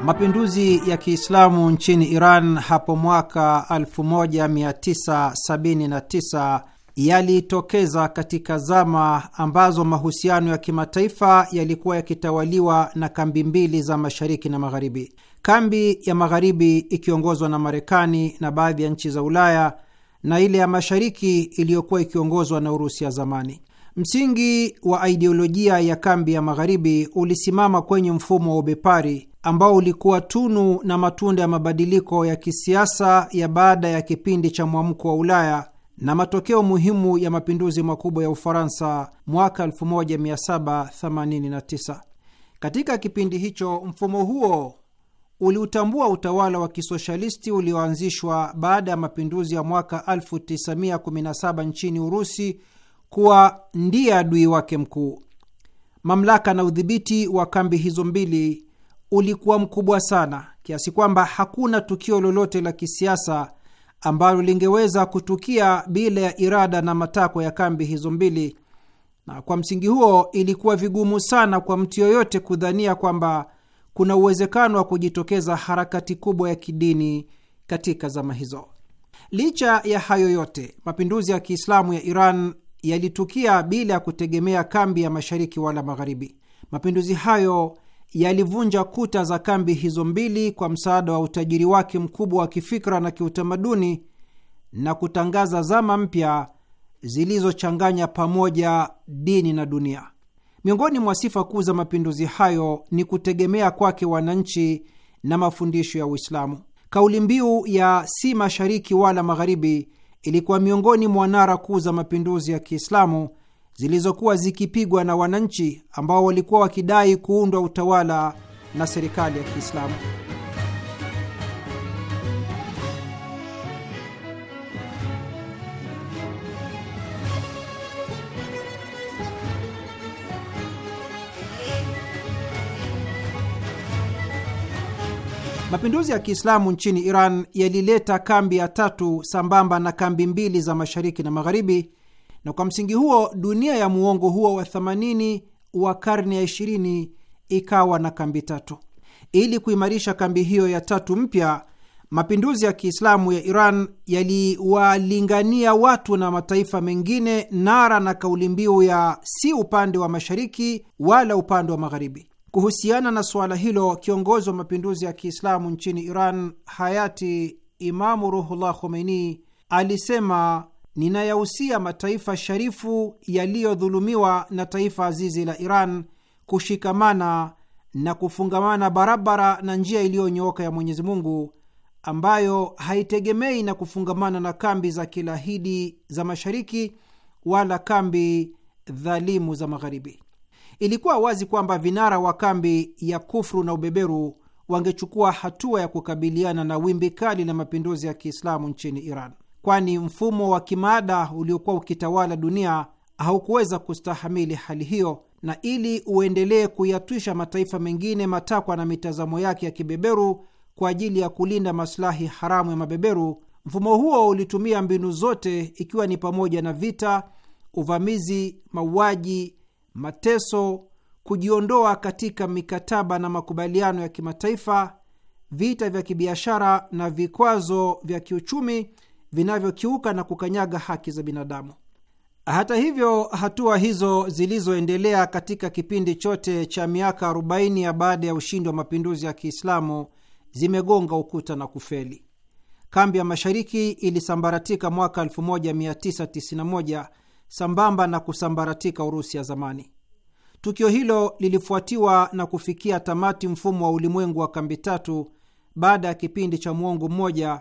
Mapinduzi ya Kiislamu nchini Iran hapo mwaka 1979 yalitokeza katika zama ambazo mahusiano ya kimataifa yalikuwa yakitawaliwa na kambi mbili za mashariki na magharibi. Kambi ya magharibi ikiongozwa na Marekani na baadhi ya nchi za Ulaya na ile ya mashariki iliyokuwa ikiongozwa na Urusi ya zamani. Msingi wa idiolojia ya kambi ya magharibi ulisimama kwenye mfumo wa ubepari ambao ulikuwa tunu na matunda ya mabadiliko ya kisiasa ya baada ya kipindi cha mwamko wa Ulaya na matokeo muhimu ya mapinduzi makubwa ya Ufaransa mwaka 1789. Katika kipindi hicho, mfumo huo uliutambua utawala wa kisoshalisti ulioanzishwa baada ya mapinduzi ya mwaka 1917 nchini Urusi kuwa ndiye adui wake mkuu. Mamlaka na udhibiti wa kambi hizo mbili ulikuwa mkubwa sana kiasi kwamba hakuna tukio lolote la kisiasa ambalo lingeweza kutukia bila ya irada na matakwa ya kambi hizo mbili, na kwa msingi huo ilikuwa vigumu sana kwa mtu yoyote kudhania kwamba kuna uwezekano wa kujitokeza harakati kubwa ya kidini katika zama hizo. Licha ya hayo yote, mapinduzi ya Kiislamu ya Iran yalitukia bila ya kutegemea kambi ya mashariki wala magharibi. Mapinduzi hayo yalivunja kuta za kambi hizo mbili kwa msaada wa utajiri wake mkubwa wa kifikra na kiutamaduni na kutangaza zama mpya zilizochanganya pamoja dini na dunia. Miongoni mwa sifa kuu za mapinduzi hayo ni kutegemea kwake wananchi na mafundisho ya Uislamu. Kauli mbiu ya si mashariki wala magharibi ilikuwa miongoni mwa nara kuu za mapinduzi ya Kiislamu zilizokuwa zikipigwa na wananchi ambao walikuwa wakidai kuundwa utawala na serikali ya Kiislamu. Mapinduzi ya Kiislamu nchini Iran yalileta kambi ya tatu sambamba na kambi mbili za mashariki na magharibi na kwa msingi huo dunia ya muongo huo wa 80 wa karne ya 20 ikawa na kambi tatu. Ili kuimarisha kambi hiyo ya tatu mpya, mapinduzi ya Kiislamu ya Iran yaliwalingania watu na mataifa mengine nara na kauli mbiu ya si upande wa mashariki wala upande wa magharibi. Kuhusiana na suala hilo, kiongozi wa mapinduzi ya Kiislamu nchini Iran hayati Imamu Ruhullah Khomeini alisema ninayahusia mataifa sharifu yaliyodhulumiwa na taifa azizi la Iran kushikamana na kufungamana barabara na njia iliyonyooka ya Mwenyezi Mungu ambayo haitegemei na kufungamana na kambi za kilahidi za mashariki wala kambi dhalimu za magharibi. Ilikuwa wazi kwamba vinara wa kambi ya kufru na ubeberu wangechukua hatua ya kukabiliana na wimbi kali la mapinduzi ya Kiislamu nchini Iran kwani mfumo wa kimaada uliokuwa ukitawala dunia haukuweza kustahamili hali hiyo, na ili uendelee kuyatwisha mataifa mengine matakwa na mitazamo yake ya kibeberu kwa ajili ya kulinda masilahi haramu ya mabeberu, mfumo huo ulitumia mbinu zote, ikiwa ni pamoja na vita, uvamizi, mauaji, mateso, kujiondoa katika mikataba na makubaliano ya kimataifa, vita vya kibiashara na vikwazo vya kiuchumi vinavyokiuka na kukanyaga haki za binadamu. Hata hivyo, hatua hizo zilizoendelea katika kipindi chote cha miaka 40 ya baada ya ushindi wa mapinduzi ya Kiislamu zimegonga ukuta na kufeli. Kambi ya mashariki ilisambaratika mwaka 1991 sambamba na kusambaratika Urusi ya zamani. Tukio hilo lilifuatiwa na kufikia tamati mfumo wa ulimwengu wa kambi tatu baada ya kipindi cha muongo mmoja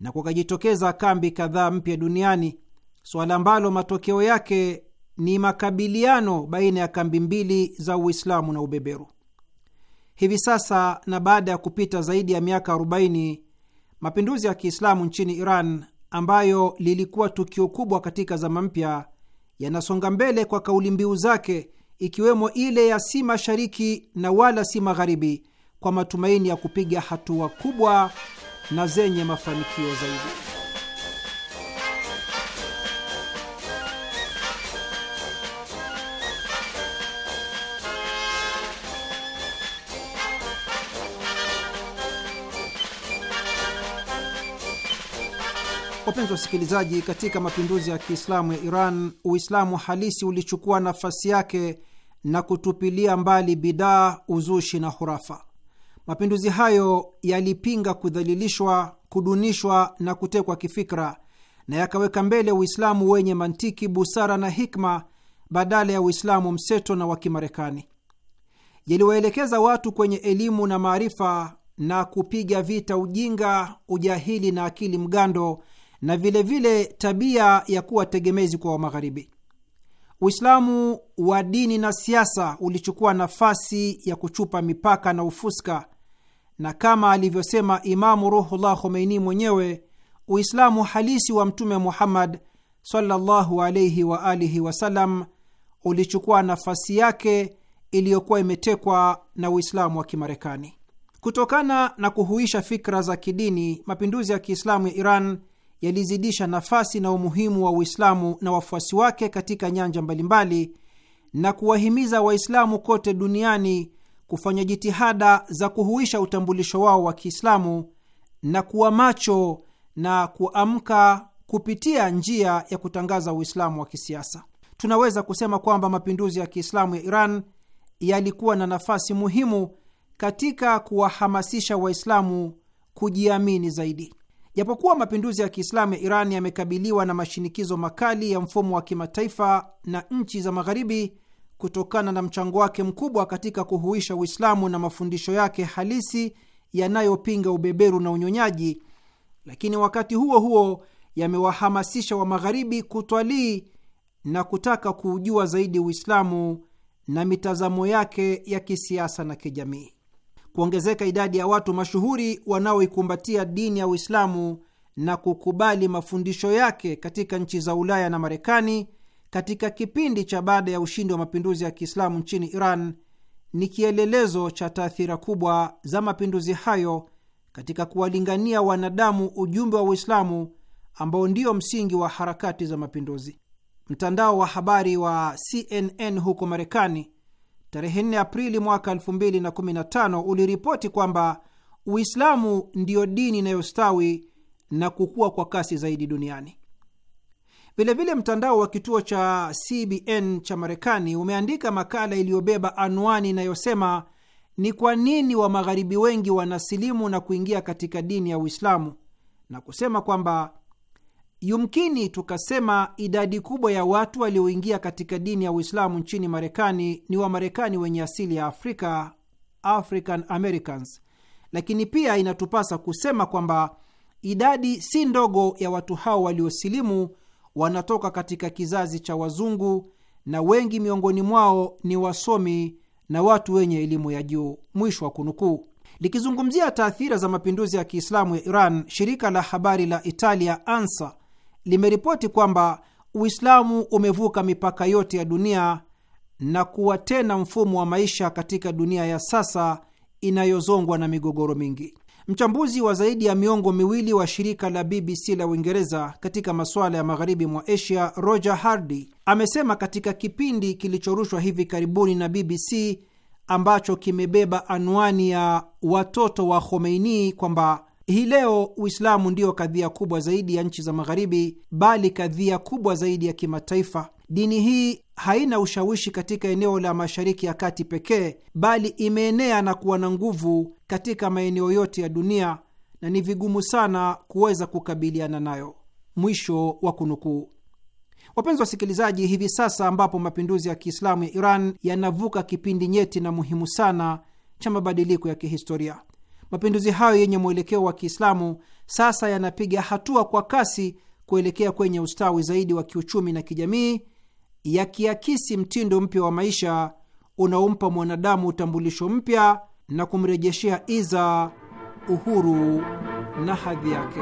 na kukajitokeza kambi kadhaa mpya duniani, suala ambalo matokeo yake ni makabiliano baina ya kambi mbili za Uislamu na ubeberu. Hivi sasa na baada ya kupita zaidi ya miaka 40, mapinduzi ya Kiislamu nchini Iran ambayo lilikuwa tukio kubwa katika zama mpya yanasonga mbele kwa kauli mbiu zake ikiwemo ile ya si mashariki na wala si magharibi, kwa matumaini ya kupiga hatua kubwa na zenye mafanikio zaidi. Wapenzi wasikilizaji, katika mapinduzi ya Kiislamu ya Iran, Uislamu halisi ulichukua nafasi yake na kutupilia mbali bidaa, uzushi na hurafa. Mapinduzi hayo yalipinga kudhalilishwa, kudunishwa na kutekwa kifikra na yakaweka mbele Uislamu wenye mantiki, busara na hikma badala ya Uislamu mseto na wa Kimarekani. Yaliwaelekeza watu kwenye elimu na maarifa na kupiga vita ujinga, ujahili na akili mgando na vilevile vile tabia ya kuwa tegemezi kwa Wamagharibi. Uislamu wa dini na siasa ulichukua nafasi ya kuchupa mipaka na ufuska na kama alivyosema Imamu Ruhullah Khomeini mwenyewe, Uislamu halisi wa Mtume Muhammad sallallahu alayhi wa alihi wasallam ulichukua nafasi yake iliyokuwa imetekwa na Uislamu wa Kimarekani. Kutokana na kuhuisha fikra za kidini, mapinduzi ya Kiislamu ya Iran yalizidisha nafasi na umuhimu wa Uislamu na wafuasi wake katika nyanja mbalimbali na kuwahimiza Waislamu kote duniani kufanya jitihada za kuhuisha utambulisho wao wa Kiislamu na kuwa macho na kuamka kupitia njia ya kutangaza Uislamu wa kisiasa. Tunaweza kusema kwamba mapinduzi ya Kiislamu ya Iran yalikuwa na nafasi muhimu katika kuwahamasisha Waislamu kujiamini zaidi. Japokuwa mapinduzi ya Kiislamu ya Iran yamekabiliwa na mashinikizo makali ya mfumo wa kimataifa na nchi za Magharibi, kutokana na mchango wake mkubwa katika kuhuisha Uislamu na mafundisho yake halisi yanayopinga ubeberu na unyonyaji, lakini wakati huo huo yamewahamasisha wa Magharibi kutwalii na kutaka kuujua zaidi Uislamu na mitazamo yake ya kisiasa na kijamii. Kuongezeka idadi ya watu mashuhuri wanaoikumbatia dini ya Uislamu na kukubali mafundisho yake katika nchi za Ulaya na Marekani katika kipindi cha baada ya ushindi wa mapinduzi ya Kiislamu nchini Iran ni kielelezo cha taathira kubwa za mapinduzi hayo katika kuwalingania wanadamu ujumbe wa Uislamu ambao ndio msingi wa harakati za mapinduzi. Mtandao wa habari wa CNN huko Marekani tarehe 4 Aprili mwaka 2015 uliripoti kwamba Uislamu ndiyo dini inayostawi na kukua kwa kasi zaidi duniani. Vilevile, mtandao wa kituo cha CBN cha Marekani umeandika makala iliyobeba anwani inayosema ni kwa nini wa magharibi wengi wanasilimu na kuingia katika dini ya Uislamu, na kusema kwamba yumkini tukasema idadi kubwa ya watu walioingia katika dini ya Uislamu nchini Marekani ni Wamarekani wenye asili ya Afrika, African Americans, lakini pia inatupasa kusema kwamba idadi si ndogo ya watu hao waliosilimu wanatoka katika kizazi cha wazungu na wengi miongoni mwao ni wasomi na watu wenye elimu ya juu. Mwisho wa kunukuu. Likizungumzia taathira za mapinduzi ya Kiislamu ya Iran, shirika la habari la Italia ANSA limeripoti kwamba Uislamu umevuka mipaka yote ya dunia na kuwa tena mfumo wa maisha katika dunia ya sasa inayozongwa na migogoro mingi mchambuzi wa zaidi ya miongo miwili wa shirika la BBC la Uingereza katika masuala ya magharibi mwa Asia, Roger Hardy amesema katika kipindi kilichorushwa hivi karibuni na BBC ambacho kimebeba anwani ya watoto wa Khomeini kwamba hii leo Uislamu ndiyo kadhia kubwa zaidi ya nchi za Magharibi, bali kadhia kubwa zaidi ya kimataifa. Dini hii haina ushawishi katika eneo la Mashariki ya Kati pekee, bali imeenea na kuwa na nguvu katika maeneo yote ya dunia na ni vigumu sana kuweza kukabiliana nayo. Mwisho wa kunukuu. Wapenzi wasikilizaji, hivi sasa ambapo mapinduzi ya Kiislamu ya Iran yanavuka kipindi nyeti na muhimu sana cha mabadiliko ya kihistoria, mapinduzi hayo yenye mwelekeo wa Kiislamu sasa yanapiga hatua kwa kasi kuelekea kwenye ustawi zaidi wa kiuchumi na kijamii yakiakisi mtindo mpya wa maisha unaompa mwanadamu utambulisho mpya na kumrejeshea iza, uhuru na hadhi yake.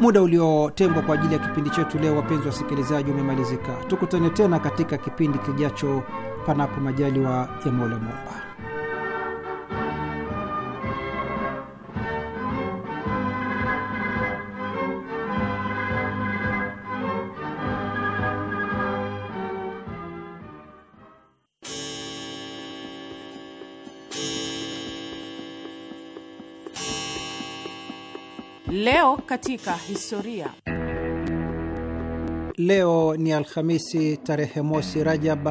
Muda uliotengwa kwa ajili ya kipindi chetu leo, wapenzi wasikilizaji, umemalizika. Tukutane tena katika kipindi kijacho, panapo majaliwa ya Mola Muumba. Leo katika historia. Leo ni Alhamisi tarehe mosi Rajab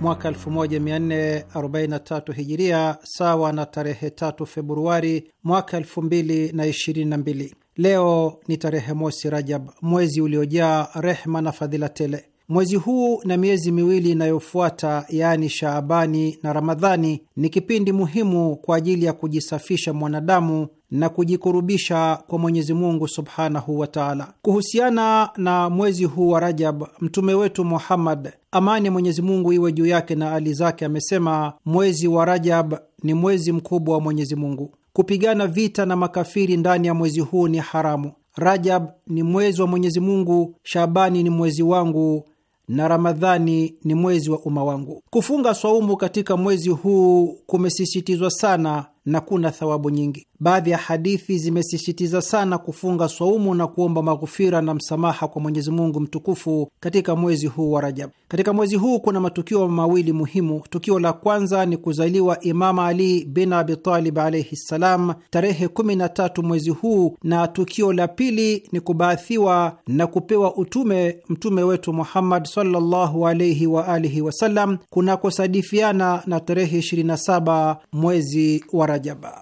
mwaka 1443 Hijiria, sawa na tarehe 3 Februari mwaka 2022. Leo ni tarehe mosi Rajab, mwezi uliojaa rehma na fadhila tele. Mwezi huu na miezi miwili inayofuata, yaani Shaabani na Ramadhani, ni kipindi muhimu kwa ajili ya kujisafisha mwanadamu na kujikurubisha kwa Mwenyezi Mungu subhanahu wa taala. Kuhusiana na mwezi huu wa Rajab, mtume wetu Muhammad, amani ya Mwenyezi Mungu iwe juu yake na ali zake, amesema mwezi wa Rajab ni mwezi mkubwa wa Mwenyezi Mungu. Kupigana vita na makafiri ndani ya mwezi huu ni haramu. Rajab ni mwezi wa Mwenyezi Mungu, Shabani ni mwezi wangu na Ramadhani ni mwezi wa umma wangu. Kufunga swaumu katika mwezi huu kumesisitizwa sana na kuna thawabu nyingi. Baadhi ya hadithi zimesisitiza sana kufunga swaumu na kuomba maghufira na msamaha kwa Mwenyezi Mungu mtukufu katika mwezi huu wa Rajab. Katika mwezi huu kuna matukio mawili muhimu. Tukio la kwanza ni kuzaliwa imam Ali bin Abitalib alaihi ssalam tarehe 13 mwezi huu, na tukio la pili ni kubaathiwa na kupewa utume mtume wetu Muhammad sallallahu alaihi wasallam kunakosadifiana na tarehe 27 mwezi wa Rajaba.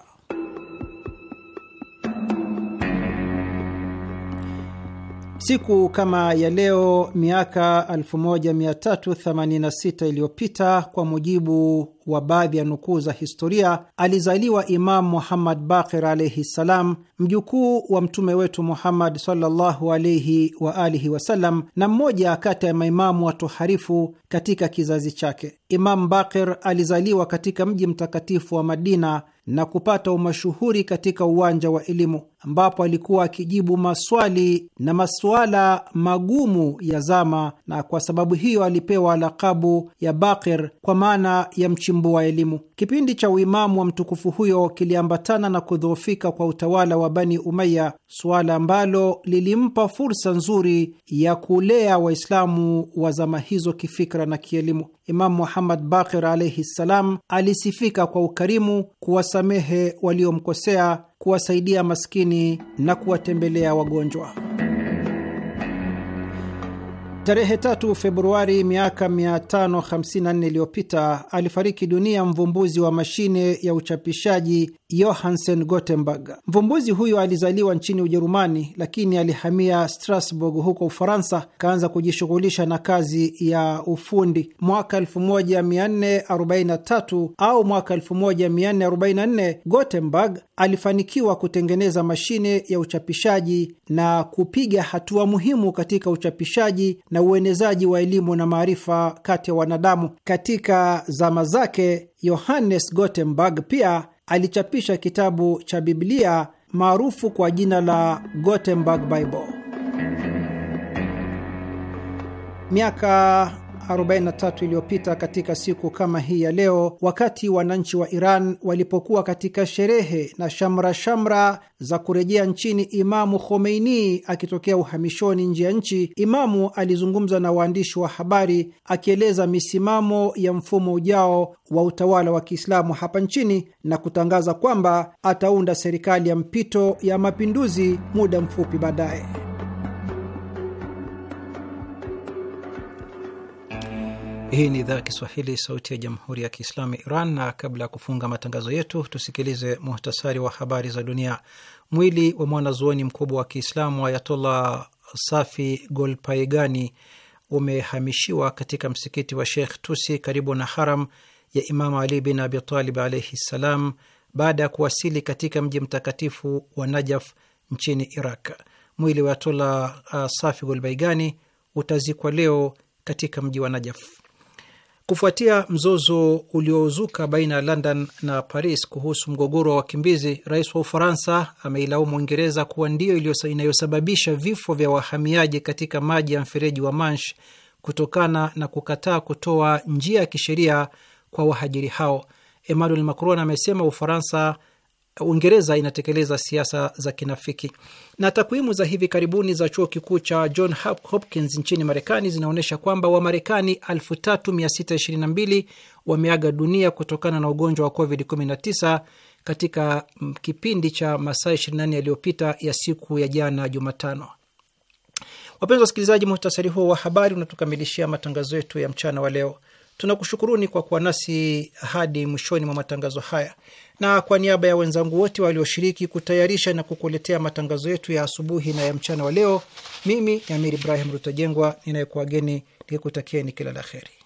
Siku kama ya leo miaka 1386 iliyopita, kwa mujibu wa baadhi ya nukuu za historia, alizaliwa imam Muhammad Baqir alaihi ssalam, mjukuu wa mtume wetu Muhammad sallallahu alaihi wa alihi wasallam, na mmoja kati ya maimamu watoharifu katika kizazi chake. Imamu Baqir alizaliwa katika mji mtakatifu wa Madina na kupata umashuhuri katika uwanja wa elimu ambapo alikuwa akijibu maswali na masuala magumu ya zama, na kwa sababu hiyo alipewa lakabu ya Bakir kwa maana ya mchimbua elimu. Kipindi cha uimamu wa mtukufu huyo kiliambatana na kudhoofika kwa utawala wa Bani Umaya, suala ambalo lilimpa fursa nzuri ya kulea Waislamu wa zama hizo kifikra na kielimu. Imamu Muhammad Bakir alaihi ssalam alisifika kwa ukarimu, kuwasamehe waliomkosea kuwasaidia maskini na kuwatembelea wagonjwa. Tarehe tatu Februari miaka 554 iliyopita alifariki dunia mvumbuzi wa mashine ya uchapishaji Johansen Gutenberg. Mvumbuzi huyo alizaliwa nchini Ujerumani, lakini alihamia Strasbourg huko Ufaransa, akaanza kujishughulisha na kazi ya ufundi. Mwaka 1443 au mwaka 1444 Gutenberg alifanikiwa kutengeneza mashine ya uchapishaji na kupiga hatua muhimu katika uchapishaji na uenezaji wa elimu na maarifa kati ya wanadamu. Katika zama zake, Johannes Gutenberg pia alichapisha kitabu cha Biblia maarufu kwa jina la Gutenberg Bible. Miaka 43 iliyopita katika siku kama hii ya leo, wakati wananchi wa Iran walipokuwa katika sherehe na shamra shamra za kurejea nchini Imamu Khomeini akitokea uhamishoni nje ya nchi, Imamu alizungumza na waandishi wa habari akieleza misimamo ya mfumo ujao wa utawala wa Kiislamu hapa nchini na kutangaza kwamba ataunda serikali ya mpito ya mapinduzi muda mfupi baadaye. Hii ni idhaa ya Kiswahili, sauti ya jamhuri ya kiislamu Iran. Na kabla ya kufunga matangazo yetu, tusikilize muhtasari wa habari za dunia. Mwili wa mwanazuoni mkubwa wa Kiislamu Ayatollah Safi Golpaigani umehamishiwa katika msikiti wa Sheikh Tusi karibu na haram ya Imamu Ali bin Abitalib alaihi ssalam baada ya kuwasili katika mji mtakatifu wa Najaf nchini Iraq. Mwili wa Ayatollah uh, Safi Golbaigani utazikwa leo katika mji wa Najaf. Kufuatia mzozo uliozuka baina ya London na Paris kuhusu mgogoro wa wakimbizi, rais wa Ufaransa ameilaumu Uingereza kuwa ndiyo inayosababisha vifo vya wahamiaji katika maji ya mfereji wa Mansh kutokana na kukataa kutoa njia ya kisheria kwa wahajiri hao. Emmanuel Macron amesema Ufaransa Uingereza inatekeleza siasa za kinafiki. Na takwimu za hivi karibuni za chuo kikuu cha John Hopkins nchini Marekani zinaonyesha kwamba Wamarekani 3622 wameaga dunia kutokana na ugonjwa wa COVID-19 katika mm, kipindi cha masaa 24 yaliyopita ya siku ya jana Jumatano. Wapenzi wasikilizaji, muhtasari huo wa habari unatukamilishia matangazo yetu ya mchana wa leo. Tunakushukuruni kwa kuwa nasi hadi mwishoni mwa matangazo haya, na kwa niaba ya wenzangu wote walioshiriki kutayarisha na kukuletea matangazo yetu ya asubuhi na ya mchana wa leo, mimi ni Amir Ibrahim Rutajengwa ninayekuwageni nikikutakieni kila la heri.